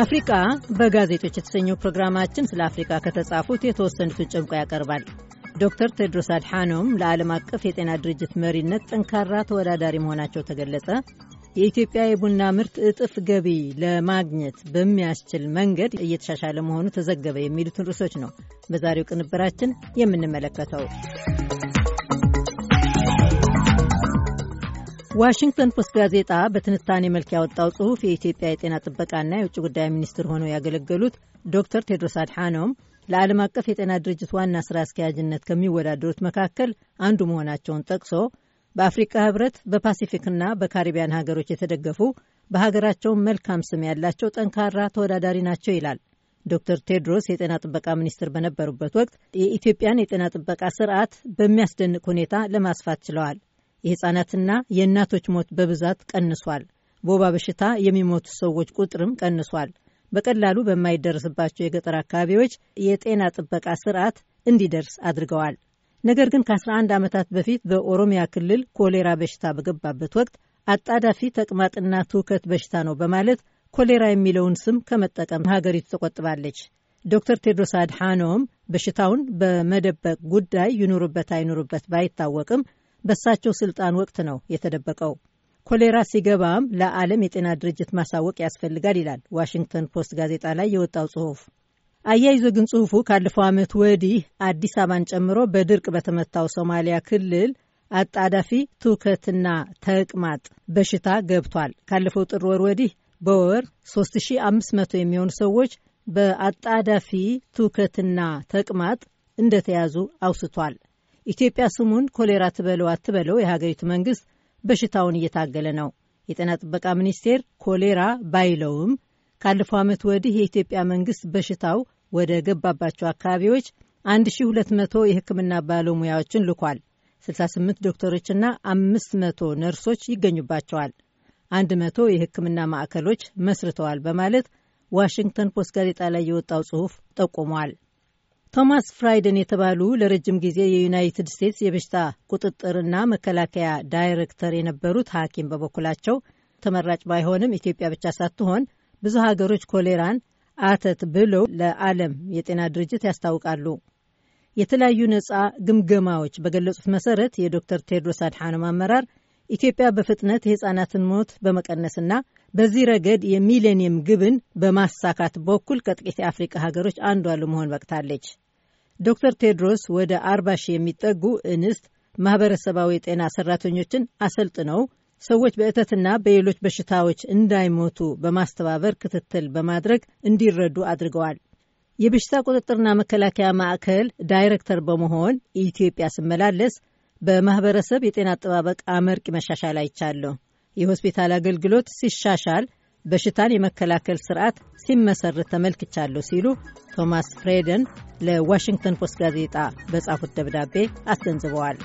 አፍሪቃ በጋዜጦች የተሰኘው ፕሮግራማችን ስለ አፍሪካ ከተጻፉት የተወሰኑትን ጨምቆ ያቀርባል። ዶክተር ቴድሮስ አድሓኖም ለዓለም አቀፍ የጤና ድርጅት መሪነት ጠንካራ ተወዳዳሪ መሆናቸው ተገለጸ። የኢትዮጵያ የቡና ምርት እጥፍ ገቢ ለማግኘት በሚያስችል መንገድ እየተሻሻለ መሆኑ ተዘገበ የሚሉትን ርዕሶች ነው በዛሬው ቅንብራችን የምንመለከተው። ዋሽንግተን ፖስት ጋዜጣ በትንታኔ መልክ ያወጣው ጽሑፍ የኢትዮጵያ የጤና ጥበቃና የውጭ ጉዳይ ሚኒስትር ሆነው ያገለገሉት ዶክተር ቴድሮስ አድሓኖም ለዓለም አቀፍ የጤና ድርጅት ዋና ስራ አስኪያጅነት ከሚወዳደሩት መካከል አንዱ መሆናቸውን ጠቅሶ በአፍሪካ ህብረት በፓሲፊክና በካሪቢያን ሀገሮች የተደገፉ በሀገራቸው መልካም ስም ያላቸው ጠንካራ ተወዳዳሪ ናቸው ይላል። ዶክተር ቴድሮስ የጤና ጥበቃ ሚኒስትር በነበሩበት ወቅት የኢትዮጵያን የጤና ጥበቃ ስርዓት በሚያስደንቅ ሁኔታ ለማስፋት ችለዋል። የሕፃናትና የእናቶች ሞት በብዛት ቀንሷል። በወባ በሽታ የሚሞቱ ሰዎች ቁጥርም ቀንሷል። በቀላሉ በማይደርስባቸው የገጠር አካባቢዎች የጤና ጥበቃ ስርዓት እንዲደርስ አድርገዋል። ነገር ግን ከ11 ዓመታት በፊት በኦሮሚያ ክልል ኮሌራ በሽታ በገባበት ወቅት አጣዳፊ ተቅማጥና ትውከት በሽታ ነው በማለት ኮሌራ የሚለውን ስም ከመጠቀም ሀገሪቱ ተቆጥባለች። ዶክተር ቴድሮስ አድሓኖም በሽታውን በመደበቅ ጉዳይ ይኑርበት አይኑርበት ባይታወቅም በእሳቸው ስልጣን ወቅት ነው የተደበቀው። ኮሌራ ሲገባም ለዓለም የጤና ድርጅት ማሳወቅ ያስፈልጋል ይላል ዋሽንግተን ፖስት ጋዜጣ ላይ የወጣው ጽሑፍ። አያይዞ ግን ጽሑፉ ካለፈው ዓመት ወዲህ አዲስ አበባን ጨምሮ በድርቅ በተመታው ሶማሊያ ክልል አጣዳፊ ትውከትና ተቅማጥ በሽታ ገብቷል። ካለፈው ጥር ወር ወዲህ በወር 3500 የሚሆኑ ሰዎች በአጣዳፊ ትውከትና ተቅማጥ እንደተያዙ አውስቷል። ኢትዮጵያ ስሙን ኮሌራ ትበለው አትበለው የሀገሪቱ መንግስት በሽታውን እየታገለ ነው። የጤና ጥበቃ ሚኒስቴር ኮሌራ ባይለውም ካለፈው ዓመት ወዲህ የኢትዮጵያ መንግስት በሽታው ወደ ገባባቸው አካባቢዎች 1200 የሕክምና ባለሙያዎችን ልኳል። 68 ዶክተሮችና 500 ነርሶች ይገኙባቸዋል። 100 የሕክምና ማዕከሎች መስርተዋል በማለት ዋሽንግተን ፖስት ጋዜጣ ላይ የወጣው ጽሑፍ ጠቁሟል። ቶማስ ፍራይደን የተባሉ ለረጅም ጊዜ የዩናይትድ ስቴትስ የበሽታ ቁጥጥርና መከላከያ ዳይሬክተር የነበሩት ሐኪም በበኩላቸው ተመራጭ ባይሆንም ኢትዮጵያ ብቻ ሳትሆን ብዙ ሀገሮች ኮሌራን አተት ብለው ለዓለም የጤና ድርጅት ያስታውቃሉ። የተለያዩ ነጻ ግምገማዎች በገለጹት መሰረት የዶክተር ቴድሮስ አድሓኖም አመራር ኢትዮጵያ በፍጥነት የሕፃናትን ሞት በመቀነስና በዚህ ረገድ የሚሌኒየም ግብን በማሳካት በኩል ከጥቂት የአፍሪቃ ሀገሮች አንዷ ለመሆን በቅታለች። ዶክተር ቴድሮስ ወደ አርባ ሺህ የሚጠጉ እንስት ማህበረሰባዊ የጤና ሰራተኞችን አሰልጥነው ሰዎች በእተትና በሌሎች በሽታዎች እንዳይሞቱ በማስተባበር ክትትል በማድረግ እንዲረዱ አድርገዋል። የበሽታ ቁጥጥርና መከላከያ ማዕከል ዳይሬክተር በመሆን ኢትዮጵያ ስመላለስ በማህበረሰብ የጤና አጠባበቅ አመርቂ መሻሻል አይቻለሁ። የሆስፒታል አገልግሎት ሲሻሻል በሽታን የመከላከል ስርዓት ሲመሰርት ተመልክቻለሁ ሲሉ ቶማስ ፍሬደን ለዋሽንግተን ፖስት ጋዜጣ በጻፉት ደብዳቤ አስገንዝበዋል።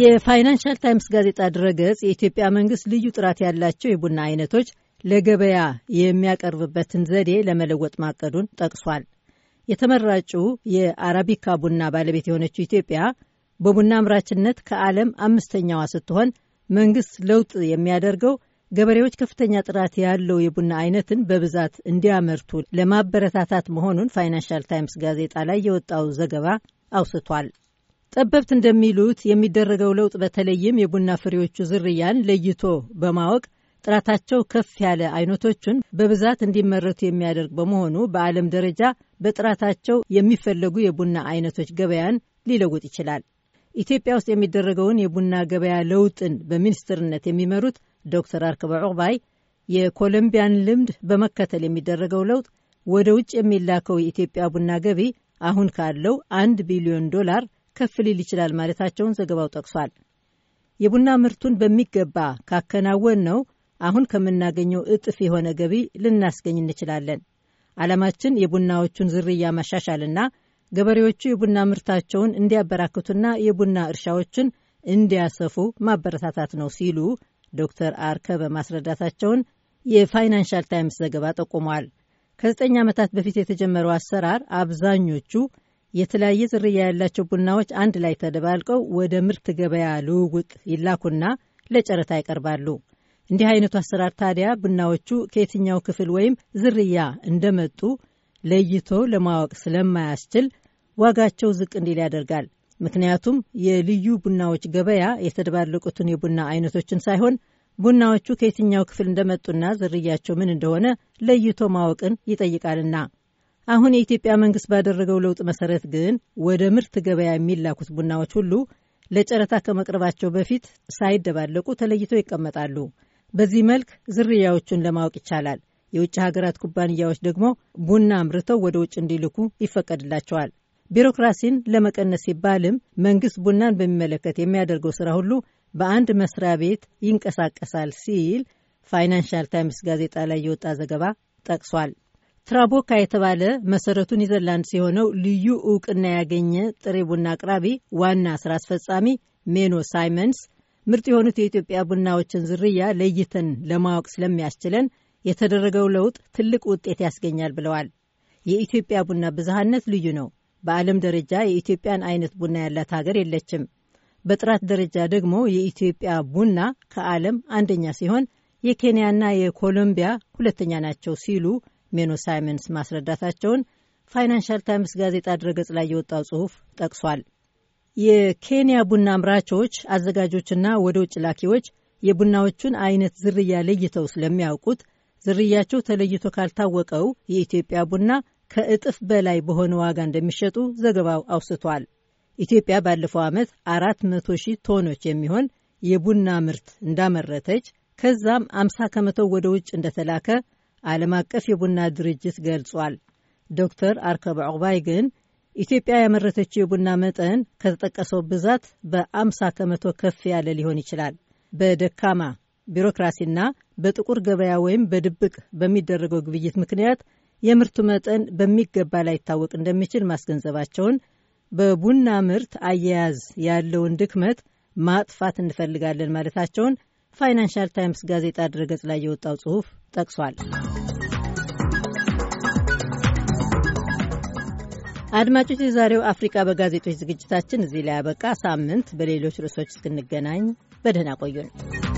የፋይናንሻል ታይምስ ጋዜጣ ድረገጽ የኢትዮጵያ መንግሥት ልዩ ጥራት ያላቸው የቡና አይነቶች ለገበያ የሚያቀርብበትን ዘዴ ለመለወጥ ማቀዱን ጠቅሷል። የተመራጩ የአረቢካ ቡና ባለቤት የሆነችው ኢትዮጵያ በቡና አምራችነት ከዓለም አምስተኛዋ ስትሆን መንግስት ለውጥ የሚያደርገው ገበሬዎች ከፍተኛ ጥራት ያለው የቡና አይነትን በብዛት እንዲያመርቱ ለማበረታታት መሆኑን ፋይናንሻል ታይምስ ጋዜጣ ላይ የወጣው ዘገባ አውስቷል። ጠበብት እንደሚሉት የሚደረገው ለውጥ በተለይም የቡና ፍሬዎቹ ዝርያን ለይቶ በማወቅ ጥራታቸው ከፍ ያለ አይነቶቹን በብዛት እንዲመረቱ የሚያደርግ በመሆኑ በዓለም ደረጃ በጥራታቸው የሚፈለጉ የቡና አይነቶች ገበያን ሊለውጥ ይችላል። ኢትዮጵያ ውስጥ የሚደረገውን የቡና ገበያ ለውጥን በሚኒስትርነት የሚመሩት ዶክተር አርክበ ዑቅባይ የኮሎምቢያን ልምድ በመከተል የሚደረገው ለውጥ ወደ ውጭ የሚላከው የኢትዮጵያ ቡና ገቢ አሁን ካለው አንድ ቢሊዮን ዶላር ከፍ ሊል ይችላል ማለታቸውን ዘገባው ጠቅሷል። የቡና ምርቱን በሚገባ ካከናወን ነው አሁን ከምናገኘው እጥፍ የሆነ ገቢ ልናስገኝ እንችላለን። ዓላማችን የቡናዎቹን ዝርያ ማሻሻልና ገበሬዎቹ የቡና ምርታቸውን እንዲያበራክቱና የቡና እርሻዎችን እንዲያሰፉ ማበረታታት ነው ሲሉ ዶክተር አርከበ ማስረዳታቸውን የፋይናንሻል ታይምስ ዘገባ ጠቁሟል። ከዘጠኝ ዓመታት በፊት የተጀመረው አሰራር አብዛኞቹ የተለያየ ዝርያ ያላቸው ቡናዎች አንድ ላይ ተደባልቀው ወደ ምርት ገበያ ልውውጥ ይላኩና ለጨረታ ይቀርባሉ። እንዲህ አይነቱ አሰራር ታዲያ ቡናዎቹ ከየትኛው ክፍል ወይም ዝርያ እንደመጡ ለይቶ ለማወቅ ስለማያስችል ዋጋቸው ዝቅ እንዲል ያደርጋል። ምክንያቱም የልዩ ቡናዎች ገበያ የተደባለቁትን የቡና አይነቶችን ሳይሆን ቡናዎቹ ከየትኛው ክፍል እንደመጡና ዝርያቸው ምን እንደሆነ ለይቶ ማወቅን ይጠይቃልና። አሁን የኢትዮጵያ መንግስት ባደረገው ለውጥ መሰረት ግን ወደ ምርት ገበያ የሚላኩት ቡናዎች ሁሉ ለጨረታ ከመቅረባቸው በፊት ሳይደባለቁ ተለይቶ ይቀመጣሉ። በዚህ መልክ ዝርያዎቹን ለማወቅ ይቻላል። የውጭ ሀገራት ኩባንያዎች ደግሞ ቡና አምርተው ወደ ውጭ እንዲልኩ ይፈቀድላቸዋል። ቢሮክራሲን ለመቀነስ ሲባልም መንግስት ቡናን በሚመለከት የሚያደርገው ስራ ሁሉ በአንድ መስሪያ ቤት ይንቀሳቀሳል ሲል ፋይናንሻል ታይምስ ጋዜጣ ላይ የወጣ ዘገባ ጠቅሷል። ትራቦካ የተባለ መሰረቱ ኒዘርላንድ ሲሆነው ልዩ እውቅና ያገኘ ጥሬ ቡና አቅራቢ ዋና ስራ አስፈጻሚ ሜኖ ሳይመንስ ምርጥ የሆኑት የኢትዮጵያ ቡናዎችን ዝርያ ለይተን ለማወቅ ስለሚያስችለን የተደረገው ለውጥ ትልቅ ውጤት ያስገኛል ብለዋል። የኢትዮጵያ ቡና ብዝሃነት ልዩ ነው። በዓለም ደረጃ የኢትዮጵያን አይነት ቡና ያላት ሀገር የለችም። በጥራት ደረጃ ደግሞ የኢትዮጵያ ቡና ከዓለም አንደኛ ሲሆን የኬንያና የኮሎምቢያ ሁለተኛ ናቸው ሲሉ ሜኖ ሳይመንስ ማስረዳታቸውን ፋይናንሻል ታይምስ ጋዜጣ ድረገጽ ላይ የወጣው ጽሑፍ ጠቅሷል። የኬንያ ቡና አምራቾች፣ አዘጋጆችና ወደ ውጭ ላኪዎች የቡናዎቹን አይነት ዝርያ ለይተው ስለሚያውቁት ዝርያቸው ተለይቶ ካልታወቀው የኢትዮጵያ ቡና ከእጥፍ በላይ በሆነ ዋጋ እንደሚሸጡ ዘገባው አውስቷል። ኢትዮጵያ ባለፈው ዓመት 400 ሺህ ቶኖች የሚሆን የቡና ምርት እንዳመረተች ከዛም 50 ከመቶ ወደ ውጭ እንደተላከ ዓለም አቀፍ የቡና ድርጅት ገልጿል። ዶክተር አርከብ ዕቁባይ ግን ኢትዮጵያ ያመረተችው የቡና መጠን ከተጠቀሰው ብዛት በ50 ከመቶ ከፍ ያለ ሊሆን ይችላል በደካማ ቢሮክራሲና በጥቁር ገበያ ወይም በድብቅ በሚደረገው ግብይት ምክንያት የምርቱ መጠን በሚገባ ላይታወቅ እንደሚችል ማስገንዘባቸውን፣ በቡና ምርት አያያዝ ያለውን ድክመት ማጥፋት እንፈልጋለን ማለታቸውን ፋይናንሻል ታይምስ ጋዜጣ ድረገጽ ላይ የወጣው ጽሑፍ ጠቅሷል። አድማጮች፣ የዛሬው አፍሪቃ በጋዜጦች ዝግጅታችን እዚህ ላይ ያበቃ። ሳምንት በሌሎች ርዕሶች እስክንገናኝ በደህና ቆዩን።